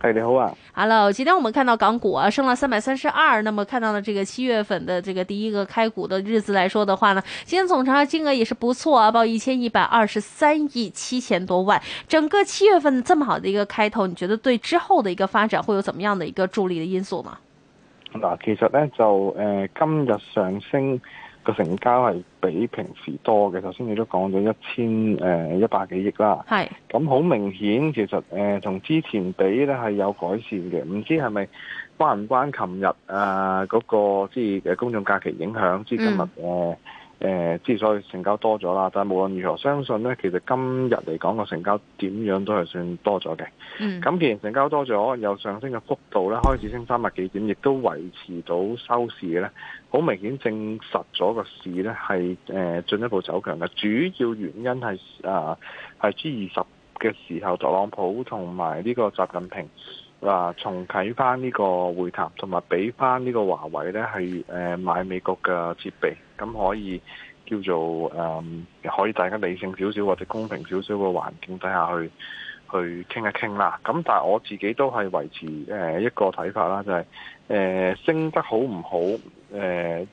係你好啊，Hello，今天我們看到港股啊升了三百三十二，那麼看到了這個七月份的這個第一個開股的日子來說的話呢，今天總成交金額也是不錯啊，報一千一百二十三億七千多萬，整個七月份這麼好的一個開頭，你覺得對之後的一個發展會有怎麼樣的一個助力的因素呢？嗱，其實呢，就、呃、今日上升。個成交係比平時多嘅，頭先你都講咗一千誒、呃、一百幾億啦。係，咁好明顯，其實誒同、呃、之前比咧係有改善嘅，唔知係咪關唔關琴日啊嗰個即係公眾假期影響？即係今日誒。嗯誒、呃、之所以成交多咗啦，但係無論如何，相信呢其實今日嚟講個成交點樣都係算多咗嘅。咁、mm. 既然成交多咗，有上升嘅幅度呢，開始升三百幾點，亦都維持到收市呢，好明顯證實咗個市呢係誒進一步走強嘅。主要原因係啊係 G 二十嘅時候，特朗普同埋呢個習近平。話重啟翻呢個會談，同埋俾翻呢個華為呢係誒買美國嘅設備，咁可以叫做誒、嗯、可以大家理性少少或者公平少少嘅環境底下去去傾一傾啦。咁但係我自己都係維持誒一個睇法啦，就係、是、誒升得好唔好誒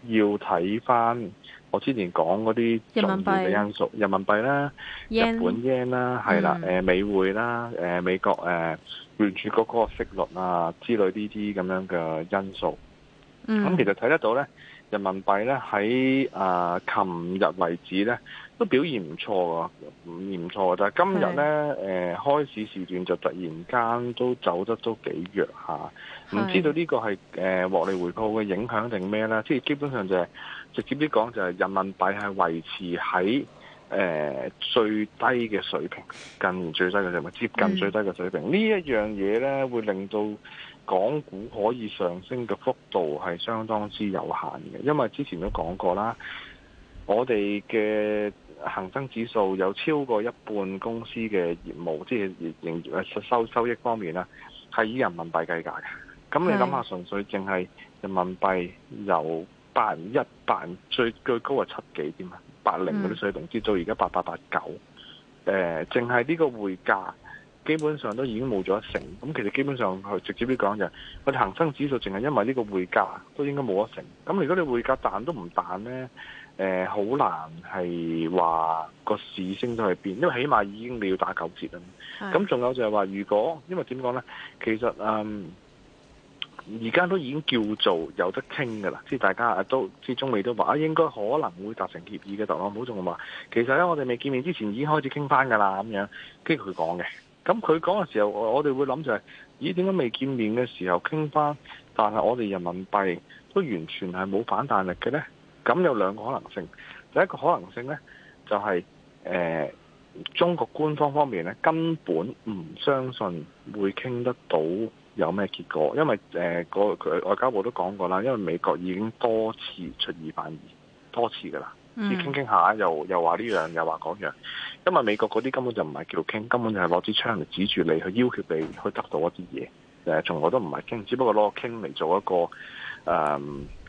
要睇翻我之前講嗰啲重要嘅因素，人民幣啦、日本 yen 啦，係、嗯、啦，美匯啦，美國住嗰個息率啊，之類呢啲咁樣嘅因素，咁、嗯、其實睇得到咧，人民幣咧喺啊琴日為止咧都表現唔錯嘅，唔唔錯嘅，但係今日咧誒開始時段就突然間都走得都幾弱下唔、啊、知道呢個係誒、呃、獲利回報嘅影響定咩咧？即、就、係、是、基本上就係、是、直接啲講就係人民幣係維持喺誒最低嘅水平，近年最低嘅水平，接近最低嘅水平。嗯、這東西呢一樣嘢咧，會令到港股可以上升嘅幅度係相當之有限嘅。因為之前都講過啦，我哋嘅恒生指數有超過一半公司嘅業務，即、就、係、是、營業收收益方面啦，係以人民幣計價嘅。咁你諗下，純粹淨係人民幣由八零一八最最高係七幾點啊？八零嗰啲水同跌到而家八八八九，誒，淨係呢個匯價基本上都已經冇咗一成。咁其實基本上佢直接啲講就係，我哋恒生指數淨係因為呢個匯價都應該冇一成。咁如果你匯價彈都唔彈呢，誒、呃，好難係話個市升到去邊。因為起碼已經你要打九折啦。咁仲有就係話，如果因為點講呢？其實嗯。而家都已經叫做有得傾嘅啦，即係大家都，中美都話啊，應該可能會達成協議嘅答案。特朗普仲話其實咧，我哋未見面之前已經開始傾翻嘅啦咁樣，跟住佢講嘅。咁佢講嘅時候，我我哋會諗就係、是，咦？點解未見面嘅時候傾翻，但係我哋人民幣都完全係冇反彈力嘅呢？咁有兩個可能性，第一個可能性呢、就是，就係誒中國官方方面呢，根本唔相信會傾得到。有咩結果？因為誒，佢、呃、外交部都講過啦，因為美國已經多次出爾反爾，多次噶啦，只傾傾下又又話呢樣，又話嗰樣。因為美國嗰啲根本就唔係叫傾，根本就係攞支槍嚟指住你，去要挾你去得到一啲嘢。誒、呃，從來都唔係傾，只不過攞個傾嚟做一個誒、呃、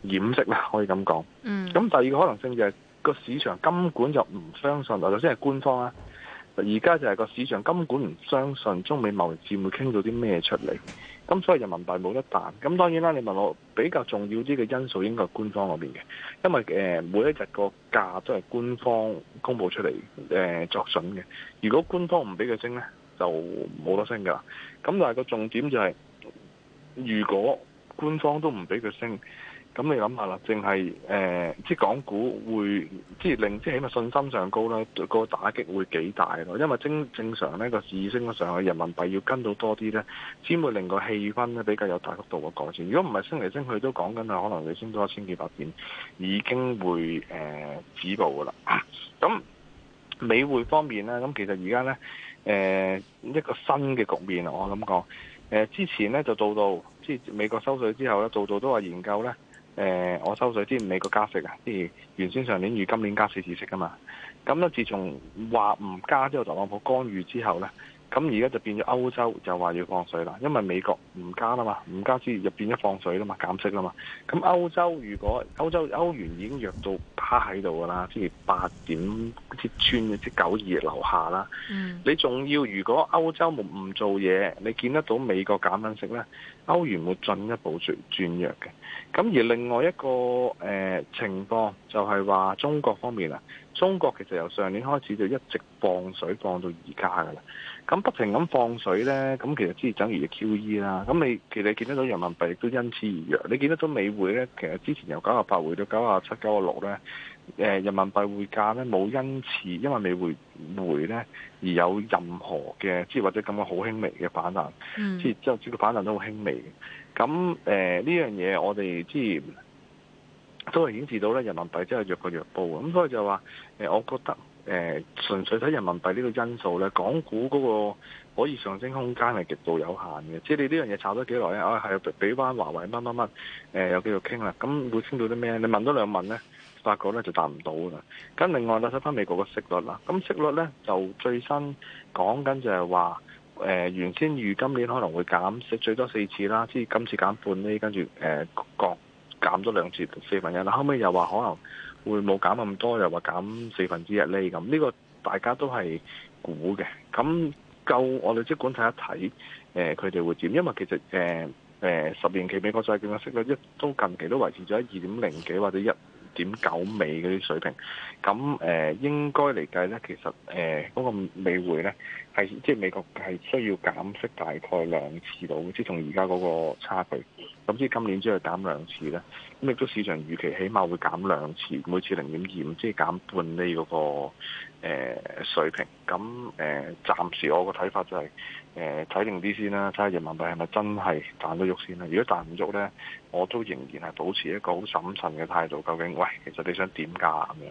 掩飾啦，可以咁講。嗯。咁第二個可能性就係、是、個市場根本就唔相信，或者即係官方啦。而家就係個市場根本唔相信中美貿易戰會傾到啲咩出嚟。咁所以人民幣冇得彈，咁當然啦。你問我比較重要啲嘅因素應該係官方嗰邊嘅，因為、呃、每一日個價都係官方公佈出嚟、呃、作準嘅。如果官方唔俾佢升咧，就冇得升噶啦。咁但係個重點就係、是，如果，官方都唔俾佢升，咁你諗下啦，淨係誒，即、呃、係港股會，即係令即係起碼信心上高啦，個打擊會幾大咯。因為正正常呢個市升咗上去，人民幣要跟到多啲咧，先會令個氣氛咧比較有大幅度嘅改善。如果唔係升嚟升去都講緊啊，可能佢升多一千幾百點已經會誒、呃、止步噶啦。咁美匯方面咧，咁其實而家咧誒一個新嘅局面啊，我咁講誒，之前咧就到到。美國收水之後咧，度度都話研究咧。誒、呃，我收水之前美國加息啊，即係原先上年預今年加四次息噶嘛。咁咧，自從話唔加之後特朗普干預之後咧，咁而家就變咗歐洲就話要放水啦。因為美國唔加啊嘛，唔加之後就變咗放水啦嘛，減息啦嘛。咁歐洲如果歐洲歐元已經弱到趴喺度噶啦，即係八點跌穿即九二樓下啦、嗯。你仲要如果歐洲唔做嘢，你見得到美國減緊息咧？歐元會進一步轉轉弱嘅，咁而另外一個誒、呃、情況就係話中國方面啊，中國其實由上年開始就一直放水放到而家噶啦，咁不停咁放水呢，咁其實之前等於 QE 啦，咁你其實你見得到人民幣都因此而弱，你見得到美匯呢，其實之前由九十八回到九十七、九十六呢。誒，人民幣匯價咧冇因此，因為美匯回咧而有任何嘅，即係或者咁樣好輕微嘅反彈，即係之後整個反彈都好輕微嘅。咁誒呢樣嘢，呃這個、我哋即係都係顯示到咧，人民幣真係弱過弱爆咁，所以就話、呃、我覺得誒、呃、純粹睇人民幣呢個因素咧，港股嗰個可以上升空間係極度有限嘅。即係你呢樣嘢炒咗幾耐啊？我係俾翻華為乜乜乜誒，有繼續傾啦。咁會傾到啲咩？你問多兩問咧。發覺咧就達唔到啦。咁另外呢，我睇翻美國嘅息率啦。咁息率咧就最新講緊就係話，誒、呃、原先預今年可能會減息最多四次啦。即今次減半呢，跟住誒降減咗兩次四分一啦。後尾又話可能會冇減咁多，又話減四分之一呢？咁呢個大家都係估嘅。咁夠我哋即管睇一睇誒，佢、呃、哋會點？因為其實誒誒、呃呃、十年期美國債券嘅息率一都近期都維持咗二點零幾或者一點九美嗰啲水平，咁誒應該嚟計咧，其實誒嗰個美匯咧。係，即係美國係需要減息大概兩次到，即係同而家嗰個差距。咁至於今年只係減兩次咧，咁亦都市場預期起碼會減兩次，每次零點二五，即係減半呢嗰、嗰個、呃、水平。咁誒、呃，暫時我個睇法就係誒睇定啲先啦，睇下人民幣係咪真係彈咗喐先啦。如果彈唔喐咧，我都仍然係保持一個好審慎嘅態度。究竟，喂，其實你想點價咁樣？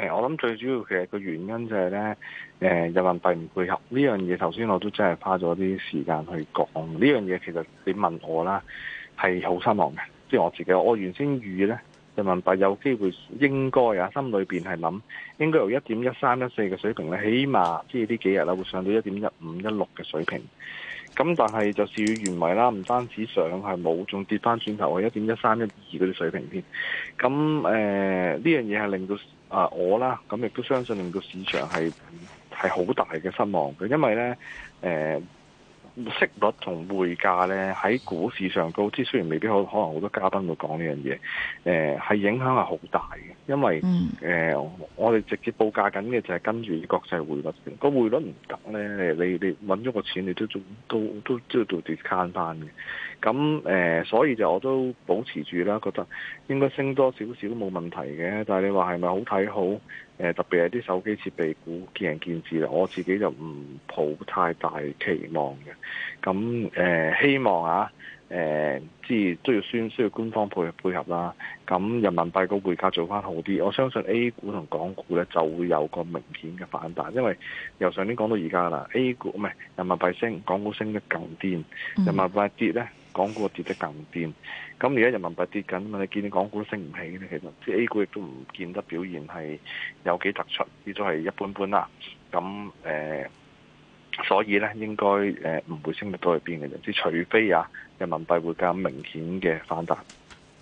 誒，我諗最主要其實個原因就係咧，誒、呃，人民幣唔配合呢樣嘢。頭先我都真係花咗啲時間去講呢樣嘢。其實你問我啦，係好失望嘅。即係我自己，我原先預呢人民幣有機會應該啊，心裏邊係諗應該由一點一三一四嘅水平咧，起碼即係呢幾日啦，會上到一點一五一六嘅水平。咁但係就事與願違啦，唔單止上係冇，仲跌翻轉頭去一點一三一二嗰啲水平添。咁誒，呢樣嘢係令到。啊，我啦，咁亦都相信令到市場係係好大嘅失望嘅，因為咧，誒息率同匯價咧喺股市上高，即雖然未必可，可能好多嘉賓會講呢樣嘢，誒係影響係好大嘅，因為誒、mm. 呃、我哋直接報價緊嘅就係跟住國際匯率，個匯率唔得咧，你你揾咗個錢你都都都都要做 discount 翻嘅。咁誒、呃，所以就我都保持住啦，覺得應該升多少少都冇問題嘅。但係你話係咪好睇好？呃、特別係啲手機設備股見仁見智啦。我自己就唔抱太大期望嘅。咁誒、呃、希望啊，誒、呃，即係都要需要官方配合配合啦。咁人民幣個匯價做翻好啲，我相信 A 股同港股咧就會有個明顯嘅反彈，因為由上年講到而家啦，A 股唔係人民幣升，港股升得更癲，嗯，人民幣跌咧。港股跌得更掂。咁而家人民幣跌緊嘛，你見啲港股都升唔起咧。其實，即 A 股亦都唔見得表現係有幾突出，呢都係一般般啦。咁誒、呃，所以咧應該誒唔會升得到去邊嘅啫，即除非啊人民幣會更明顯嘅反彈。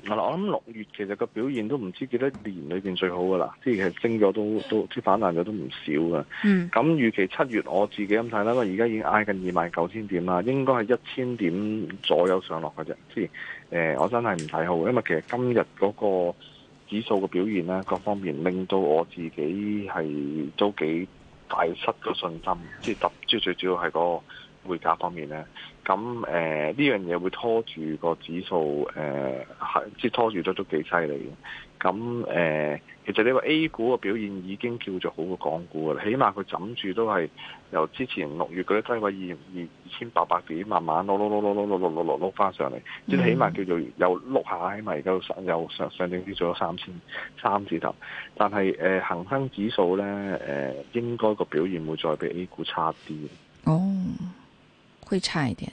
係我諗六月其實個表現都唔知幾多年裏面最好㗎啦，即係升咗都都，即反彈咗都唔少㗎。咁、mm. 預期七月我自己咁睇啦，因為而家已經挨近二萬九千點啦，應該係一千點左右上落㗎啫。即係誒、呃，我真係唔睇好，因為其實今日嗰個指數嘅表現咧，各方面令到我自己係都幾大失個信心。即係特，即係最主要係嗰個匯價方面咧。咁誒呢樣嘢會拖住個指數誒，係即係拖住得都幾犀利嘅。咁誒，其實呢個、呃、A 股嘅表現已經叫做好過港股喇，起碼佢枕住都係由之前六月嗰啲低位二二千八百點，慢慢碌碌碌碌碌碌碌碌碌翻上嚟，即係起碼叫做又碌下，起碼而家又上上上正啲咗三千三字頭。但係誒、呃、恆生指數咧誒、呃，應該個表現會再比 A 股差啲。哦，會差一點。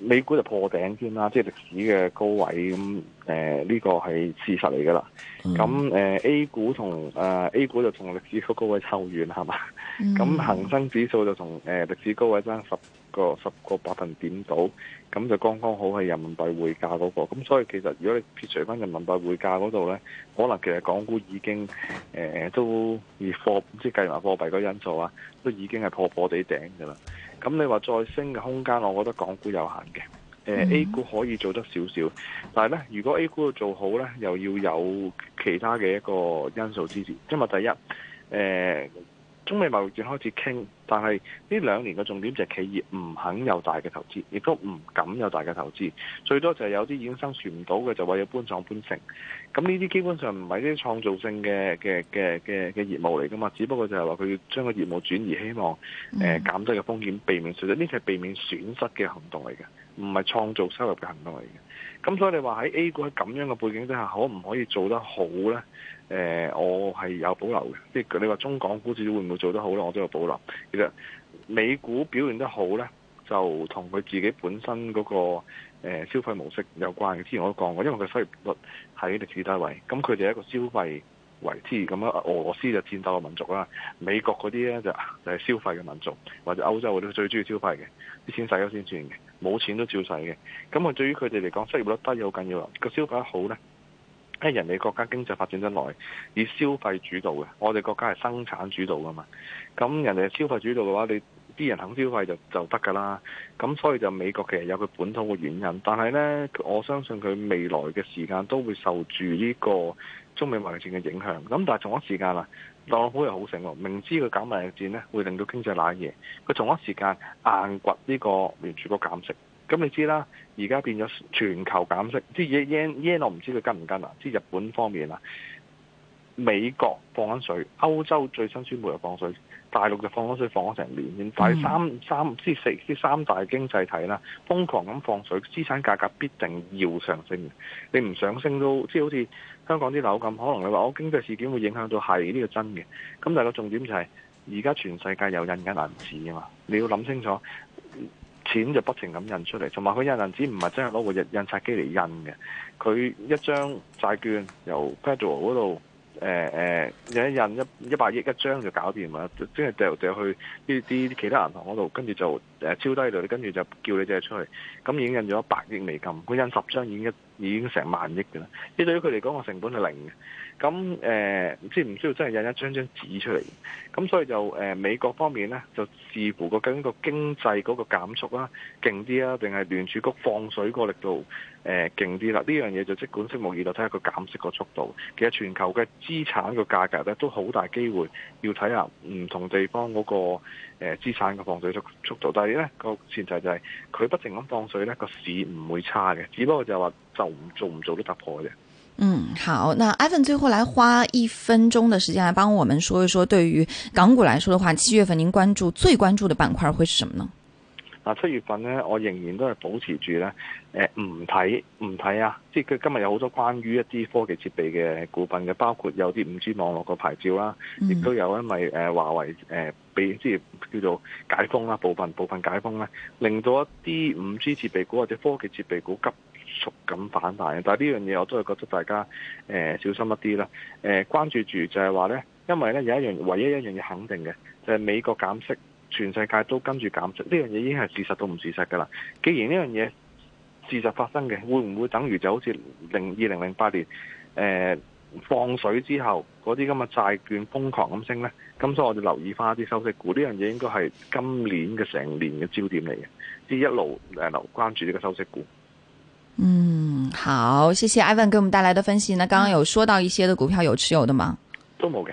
美股就破頂添啦，即係歷史嘅高位咁，誒、嗯、呢、呃這個係事實嚟㗎啦。咁、呃、A 股同誒、呃、A 股就同歷史高高位抽遠係嘛？咁、嗯、恒生指數就同誒、呃、歷史高位爭十個十個百分點度，咁就剛剛好係人民幣匯價嗰、那個。咁所以其實如果你撇除返人民幣匯價嗰度咧，可能其實港股已經誒、呃、都以貨即係計埋貨幣嗰個因素啊，都已經係破破地頂㗎啦。咁你話再升嘅空間，我覺得港股有限嘅。呃 mm -hmm. A 股可以做得少少，但係咧，如果 A 股要做好咧，又要有其他嘅一個因素支持。因為第一，呃中美貿易戰開始傾，但係呢兩年嘅重點就係企業唔肯有大嘅投資，亦都唔敢有大嘅投資，最多就係有啲已經生存唔到嘅就為要搬廠搬城。咁呢啲基本上唔係啲創造性嘅嘅嘅嘅嘅業務嚟噶嘛，只不過就係話佢要將個業務轉移，希望誒、呃、減低嘅風險避，避免損失。呢係避免損失嘅行動嚟嘅，唔係創造收入嘅行動嚟嘅。咁所以你話喺 A 股喺咁樣嘅背景之下，可唔可以做得好呢？誒、呃，我係有保留嘅，即係你話中港股市會唔會做得好呢？我都有保留。其實美股表現得好呢，就同佢自己本身嗰個消費模式有關嘅。之前我都講過，因為佢失業率喺歷史低位，咁佢哋係一個消費為之咁啊。俄羅斯就戰鬥嘅民族啦，美國嗰啲呢，就就係消費嘅民族，或者歐洲嗰啲最中意消費嘅，啲錢使咗先算嘅，冇錢都照使嘅。咁我對於佢哋嚟講，失業率低好緊要啊。個消費得好呢。人哋國家經濟發展得耐，以消費主導嘅，我哋國家係生產主導噶嘛。咁人哋消費主導嘅話，你啲人肯消費就就得㗎啦。咁所以就美國其實有佢本土嘅原因，但係呢，我相信佢未來嘅時間都會受住呢個中美貿易戰嘅影響。咁但係同一時間啦，特朗普又好醒，明知佢搞貿易戰呢，會令到經濟瀨嘢，佢同一時間硬掘呢個聯儲局減息。咁你知啦，而家變咗全球減息，即係 yen yen 我唔知佢跟唔跟啊，即係日本方面啊，美國放緊水，歐洲最新宣布又放水，大陸就放緊水放咗成年，但係三三即四啲三大經濟體啦，瘋狂咁放水，資產價格必定要上升嘅，你唔上升都即係好似香港啲樓咁，可能你話我經濟事件會影響到係呢個真嘅，咁但係個重點就係而家全世界又印緊銀紙啊嘛，你要諗清楚。錢就不停咁印出嚟，同埋佢印銀紙唔係真係攞個印印刷機嚟印嘅，佢一張債券由 Federal 嗰度誒誒印一印一一百億一張就搞掂啦，即係掉掉去呢啲其他銀行嗰度，跟住就。超低到，跟住就叫你借出去，咁已經印咗百億美金，佢印十張已經已經成萬億嘅啦。呢對於佢嚟講，個成本係零嘅。咁誒，即係唔需要真係印一張張紙出嚟。咁所以就誒美國方面呢，就視乎，嗰個究竟個經濟嗰個減速啦，勁啲啊，定係聯儲局放水個力度誒勁啲啦。呢、呃、樣嘢就即管拭目以待，睇下個減息個速度。其實全球嘅資產個價格咧，都好大機會要睇下唔同地方嗰個資資產嘅放水速速度低。低個前提就係佢不停咁放水咧，個市唔會差嘅，只不過就話就做唔做啲突破嘅啫。嗯，好。那 Ivan 最後來花一分鐘嘅時間嚟幫我們說一說，對於港股來說的話，七月份您關注最關注的板塊會是什麼呢？七月份咧，我仍然都係保持住咧，誒唔睇唔睇啊！即係佢今日有好多關於一啲科技設備嘅股份嘅，包括有啲五 G 網絡個牌照啦，亦、mm. 都有因為咪誒華為誒俾即係叫做解封啦，部分部分解封咧，令到一啲五 G 設備股或者科技設備股急速咁反彈。但係呢樣嘢我都係覺得大家誒、呃、小心一啲啦。誒、呃、關注住就係話咧，因為咧有一樣唯一一樣嘢肯定嘅，就係、是、美國減息。全世界都跟住減息，呢樣嘢已經係事實到唔事實噶啦。既然呢樣嘢事實發生嘅，會唔會等於就好似零二零零八年誒、呃、放水之後嗰啲咁嘅債券瘋狂咁升呢？咁所以我哋留意翻一啲收息股，呢樣嘢應該係今年嘅成年嘅焦點嚟嘅，即係一路留關注呢個收息股。嗯，好，謝謝 Ivan 給我們帶來的分析。呢剛剛有說到一些的股票有持有的嗎？都冇嘅。